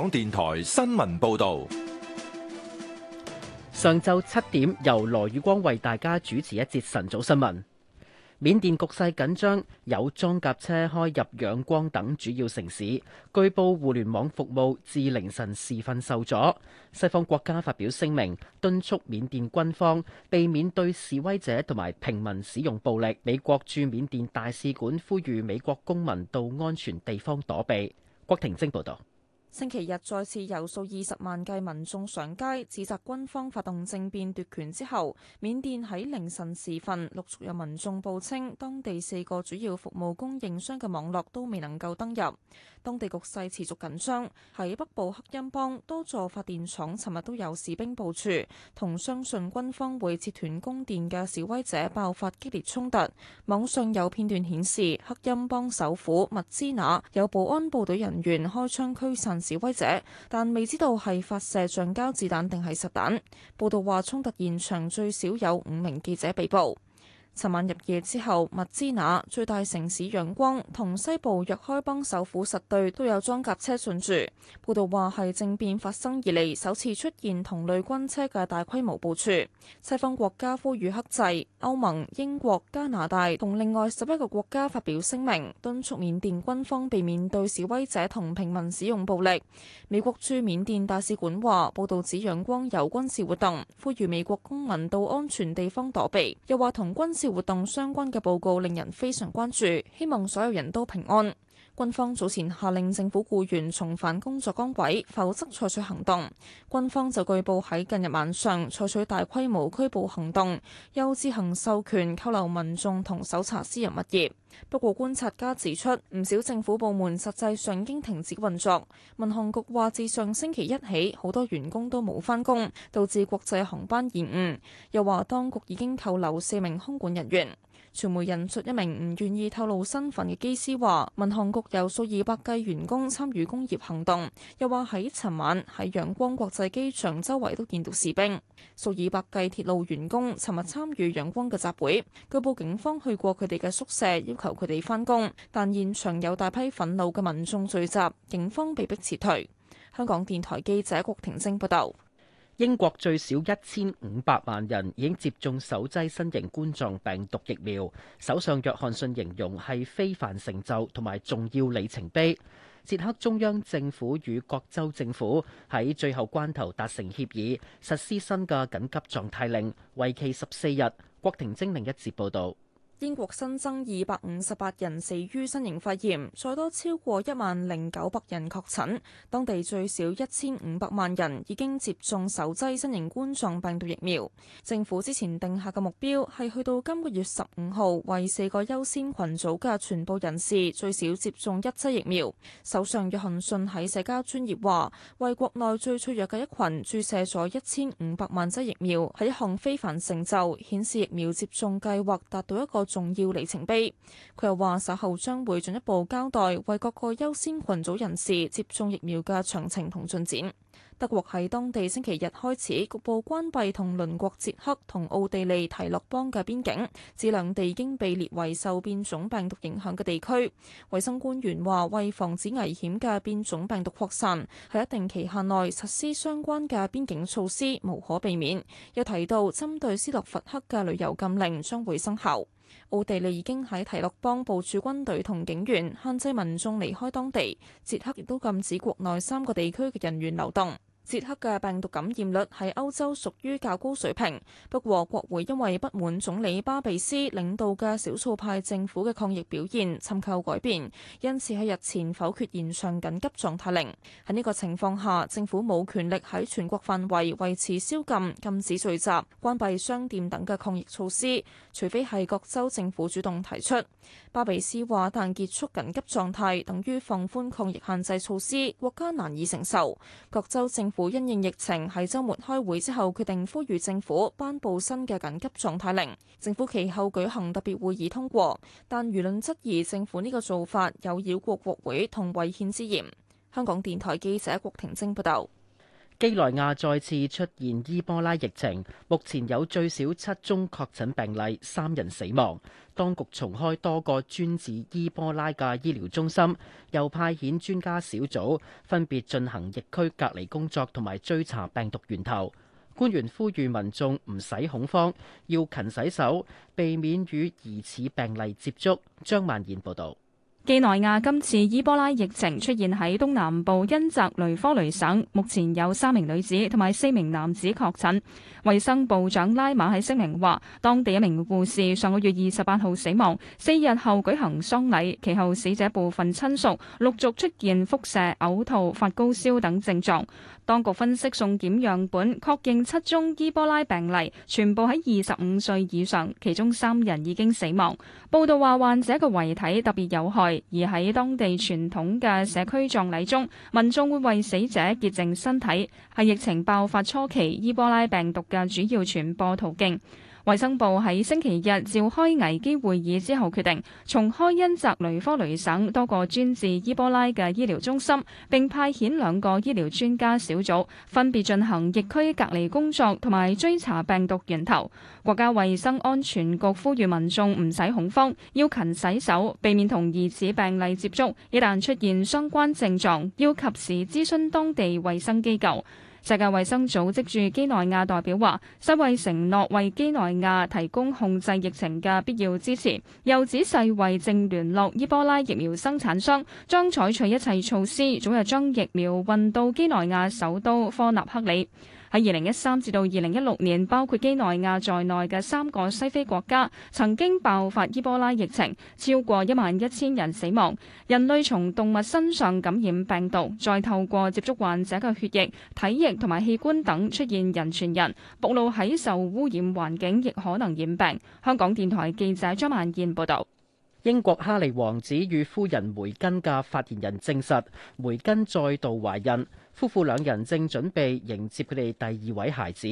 港電台新聞報道：上晝七點，由羅宇光為大家主持一節晨早新聞。緬甸局勢緊張，有裝甲車開入仰光等主要城市，據報互聯網服務至凌晨時分受阻。西方國家發表聲明，敦促緬甸軍方避免對示威者同埋平民使用暴力。美國駐緬甸大使館呼籲美國公民到安全地方躲避。郭婷晶報道。星期日再次有數二十萬計民眾上街，指責軍方發動政變奪權之後，緬甸喺凌晨時分，陸續有民眾報稱，當地四個主要服務供應商嘅網絡都未能夠登入。當地局勢持續緊張，喺北部克欽邦多座發電廠，尋日都有士兵部署，同相信軍方會切斷供電嘅示威者爆發激烈衝突。網上有片段顯示，克欽邦首府密支那有保安部隊人員開槍驅散示威者，但未知道係發射橡膠子彈定係實彈。報導話，衝突現場最少有五名記者被捕。尋晚入夜之後，密支那最大城市仰光同西部若開邦首府實兌都有裝甲車進駐。報道話係政變發生以嚟首次出現同類軍車嘅大規模部署。西方國家呼籲克制，歐盟、英國、加拿大同另外十一個國家發表聲明，敦促緬甸軍方避免對示威者同平民使用暴力。美國駐緬甸大使館話，報道指仰光有軍事活動，呼籲美國公民到安全地方躲避。又話同軍。呢次活動相關嘅報告令人非常關注，希望所有人都平安。軍方早前下令政府雇員重返工作崗位，否則採取行動。軍方就據報喺近日晚上採取大規模拘捕行動，又自行授權扣留民眾同搜查私人物業。不過觀察家指出，唔少政府部門實際上已經停止運作。民航局話自上星期一起，好多員工都冇返工，導致國際航班延誤。又話當局已經扣留四名空管人員。傳媒引述一名唔願意透露身份嘅機師話：民航局有數以百計員工參與工業行動，又話喺尋晚喺仰光國際機場周圍都見到士兵。數以百計鐵路員工尋日參與仰光嘅集會，據報警方去過佢哋嘅宿舍要求佢哋返工，但現場有大批憤怒嘅民眾聚集，警方被迫撤退。香港電台記者郭婷晶報道。英國最少一千五百萬人已經接種首劑新型冠狀病毒疫苗。首相約翰遜形容係非凡成就同埋重要里程碑。捷克中央政府與各州政府喺最後關頭達成協議，實施新嘅緊急狀態令，為期十四日。國庭精另一節報導。英國新增二百五十八人死於新型肺炎，再多超過一萬零九百人確診。當地最少一千五百萬人已經接種首劑新型冠狀病毒疫苗。政府之前定下嘅目標係去到今個月十五號，為四個優先群組嘅全部人士最少接種一劑疫苗。首相約翰遜喺社交專頁話：為國內最脆弱嘅一群注射咗一千五百萬劑疫苗，係一項非凡成就，顯示疫苗接種計劃達到一個重要里程碑。佢又話稍後將會進一步交代為各個優先群組人士接種疫苗嘅詳情同進展。德國喺當地星期日開始局部關閉同鄰國捷克同奧地利提洛邦嘅邊境，指兩地已經被列為受變種病毒影響嘅地區。衛生官員話為防止危險嘅變種病毒擴散，喺一定期限內實施相關嘅邊境措施無可避免。又提到，針對斯洛伐克嘅旅遊禁令將會生效。奧地利已經喺提洛邦部署軍隊同警員，限制民眾離開當地。捷克亦都禁止國內三個地區嘅人員流動。捷克嘅病毒感染率喺歐洲屬於較高水平，不過國會因為不滿總理巴比斯領導嘅少數派政府嘅抗疫表現，尋求改變，因此喺日前否決延長緊急狀態令。喺呢個情況下，政府冇權力喺全國範圍維持宵禁、禁止聚集、關閉商店等嘅抗疫措施，除非係各州政府主動提出。巴比斯話，但結束緊急狀態等於放寬抗疫限制措施，國家難以承受。各州政府，因應疫情，喺周末開會之後決定呼籲政府頒布新嘅緊急狀態令，政府其後舉行特別會議通過，但輿論質疑政府呢個做法有繞過國會同違憲之嫌。香港電台記者郭婷晶報道。幾內亞再次出現伊波拉疫情，目前有最少七宗確診病例，三人死亡。當局重開多個專治伊波拉嘅醫療中心，又派遣專家小組分別進行疫區隔離工作同埋追查病毒源頭。官員呼籲民眾唔使恐慌，要勤洗手，避免與疑似病例接觸。張曼燕報導。基內亞今次伊波拉疫情出現喺東南部恩澤雷科雷省，目前有三名女子同埋四名男子確診。衛生部長拉馬喺聲明話，當地一名護士上個月二十八號死亡，四日後舉行喪禮，其後死者部分親屬陸續出現腹瀉、嘔吐、發高燒等症狀。當局分析送檢樣本，確認七宗伊波拉病例，全部喺二十五歲以上，其中三人已經死亡。報道話，患者嘅遺體特別有害。而喺當地傳統嘅社區葬禮中，民眾會為死者潔淨身體，係疫情爆發初期伊波拉病毒嘅主要傳播途徑。衛生部喺星期日召開危機會議之後，決定重開恩澤雷科雷省多個專治伊波拉嘅醫療中心，並派遣兩個醫療專家小組，分別進行疫區隔離工作同埋追查病毒源頭。國家衛生安全局呼籲民眾唔使恐慌，要勤洗手，避免同疑似病例接觸。一旦出現相關症狀，要及時諮詢當地衛生機構。世界衛生組織駐基內亞代表話：世衛承諾為基內亞提供控制疫情嘅必要支持，又指世衛正聯絡伊波拉疫苗生產商，將採取一切措施，早日將疫苗運到基內亞首都科納克里。喺二零一三至到二零一六年，包括幾內亞在內嘅三個西非國家曾經爆發伊波拉疫情，超過一萬一千人死亡。人類從動物身上感染病毒，再透過接觸患者嘅血液、體液同埋器官等出現人傳人。暴露喺受污染環境亦可能染病。香港電台記者張萬燕報導。英國哈利王子與夫人梅根嘅發言人證實，梅根再度懷孕。夫婦兩人正準備迎接佢哋第二位孩子。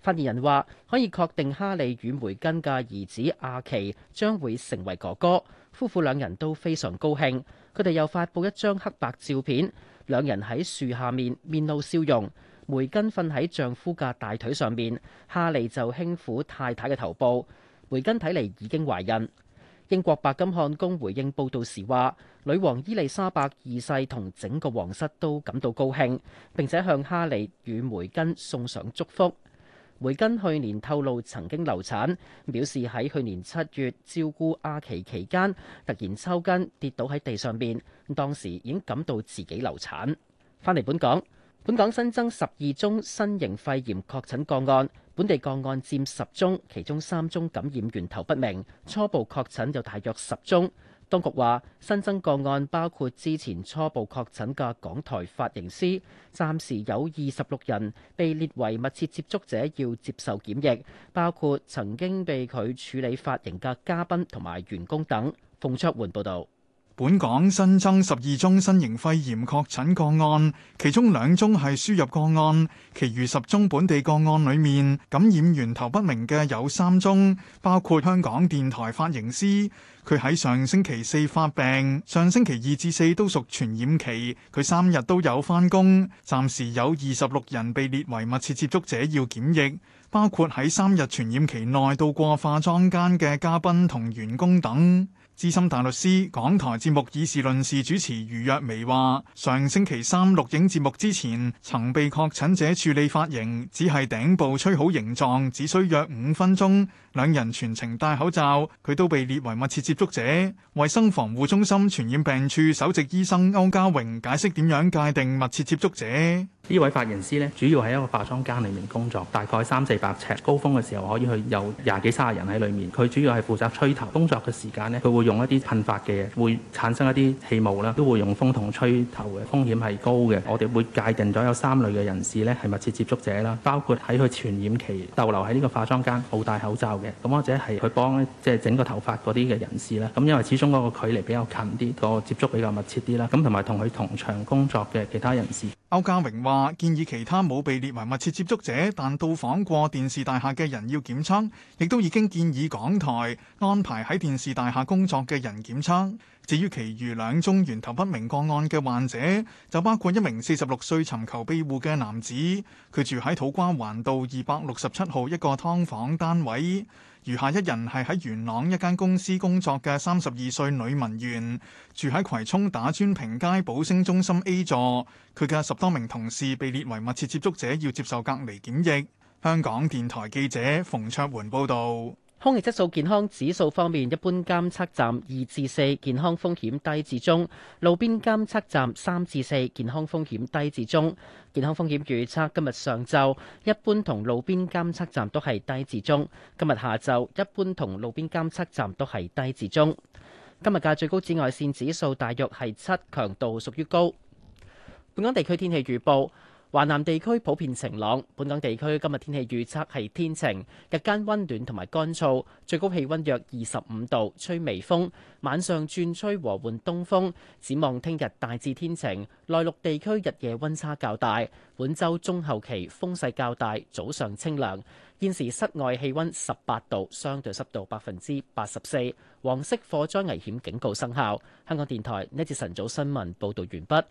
發言人話：可以確定哈利與梅根嘅兒子阿奇將會成為哥哥。夫婦兩人都非常高興。佢哋又發佈一張黑白照片，兩人喺樹下面面露笑容。梅根瞓喺丈夫嘅大腿上面，哈利就輕撫太太嘅頭部。梅根睇嚟，已經懷孕。英國白金漢宮回應報道時話：女王伊麗莎白二世同整個皇室都感到高興，並且向哈利與梅根送上祝福。梅根去年透露曾經流產，表示喺去年七月照顧阿奇期間突然抽筋跌倒喺地上面，當時已經感到自己流產。翻嚟本港，本港新增十二宗新型肺炎確診個案，本地個案佔十宗，其中三宗感染源頭不明，初步確診有大約十宗。當局話新增個案包括之前初步確診嘅港台髮型師，暫時有二十六人被列為密切接觸者，要接受檢疫，包括曾經被佢處理髮型嘅嘉賓同埋員工等。馮卓煥報導。本港新增十二宗新型肺炎確診個案，其中兩宗係輸入個案，其餘十宗本地個案裏面感染源頭不明嘅有三宗，包括香港電台髮型師，佢喺上星期四發病，上星期二至四都屬傳染期，佢三日都有翻工，暫時有二十六人被列為密切接觸者，要檢疫，包括喺三日傳染期內到過化妝間嘅嘉賓同員工等。資深大律師港台節目議事論事主持余若薇話：上星期三錄影節目之前，曾被確診者處理髮型，只係頂部吹好形狀，只需約五分鐘。兩人全程戴口罩，佢都被列為密切接觸者。衛生防護中心傳染病處首席醫生歐家榮解釋點樣界定密切接觸者：呢位髮型師咧，主要喺一個化妝間裏面工作，大概三四百尺，高峰嘅時候可以去有廿幾三十人喺裏面，佢主要係負責吹頭，工作嘅時間咧，佢會。用一啲噴發嘅嘢，會產生一啲氣霧啦，都會用風筒吹頭嘅風險係高嘅。我哋會界定咗有三類嘅人士咧，係密切接觸者啦，包括喺佢傳染期逗留喺呢個化妝間冇戴口罩嘅，咁或者係佢幫即係整個頭髮嗰啲嘅人士啦。咁因為始終嗰個距離比較近啲，嗰個接觸比較密切啲啦，咁同埋同佢同場工作嘅其他人士。歐家榮話：建議其他冇被列為密切接觸者，但到訪過電視大廈嘅人要檢測，亦都已經建議港台安排喺電視大廈工作嘅人檢測。至於其餘兩宗源頭不明個案嘅患者，就包括一名四十六歲尋求庇護嘅男子，佢住喺土瓜灣道二百六十七號一個㓥房單位。餘下一人係喺元朗一間公司工作嘅三十二歲女文員，住喺葵涌打磚坪街寶星中心 A 座。佢嘅十多名同事被列為密切接觸者，要接受隔離檢疫。香港電台記者馮卓援報導。空氣質素健康指數方面，一般監測站二至四，健康風險低至中；路邊監測站三至四，健康風險低至中。健康風險預測今日上晝一般同路邊監測站都係低至中，今日下晝一般同路邊監測站都係低至中。今日嘅最高紫外線指數大約係七，強度屬於高。本港地區天氣預報。華南地區普遍晴朗，本港地區今日天氣預測係天晴，日間溫暖同埋乾燥，最高氣溫約二十五度，吹微風，晚上轉吹和緩東風。展望聽日大致天晴，內陸地區日夜温差較大。本周中後期風勢較大，早上清涼。現時室外氣溫十八度，相對濕度百分之八十四，黃色火災危險警告生效。香港電台呢節晨早新聞報道完畢。